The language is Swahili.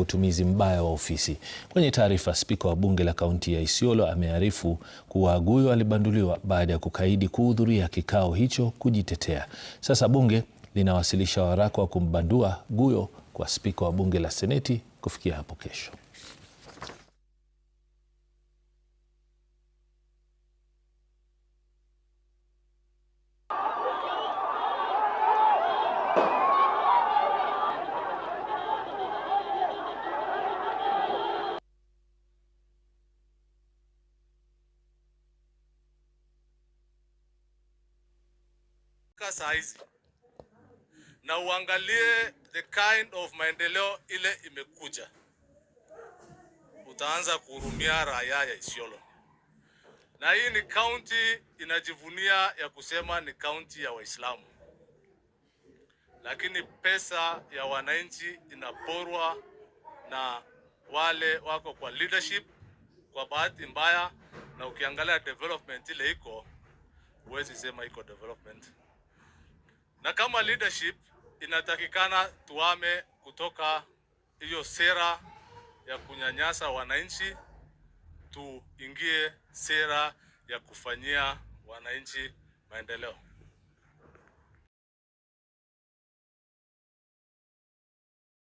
utumizi mbaya wa ofisi. Kwenye taarifa, spika wa bunge la kaunti ya Isiolo amearifu kuwa Aguyo alibanduliwa baada ya kukaidi kuhudhuria kikao hicho kujitetea. Sasa bunge linawasilisha waraka wa kumbandua Guyo kwa spika wa bunge la seneti kufikia hapo kesho. mpaka saa hizi, na uangalie the kind of maendeleo ile imekuja, utaanza kuhurumia raia ya Isiolo. Na hii ni kaunti inajivunia ya kusema ni kaunti ya Waislamu, lakini pesa ya wananchi inaporwa na wale wako kwa leadership kwa bahati mbaya, na ukiangalia development ile iko, huwezi sema iko development na kama leadership inatakikana tuame kutoka hiyo sera ya kunyanyasa wananchi, tuingie sera ya kufanyia wananchi maendeleo.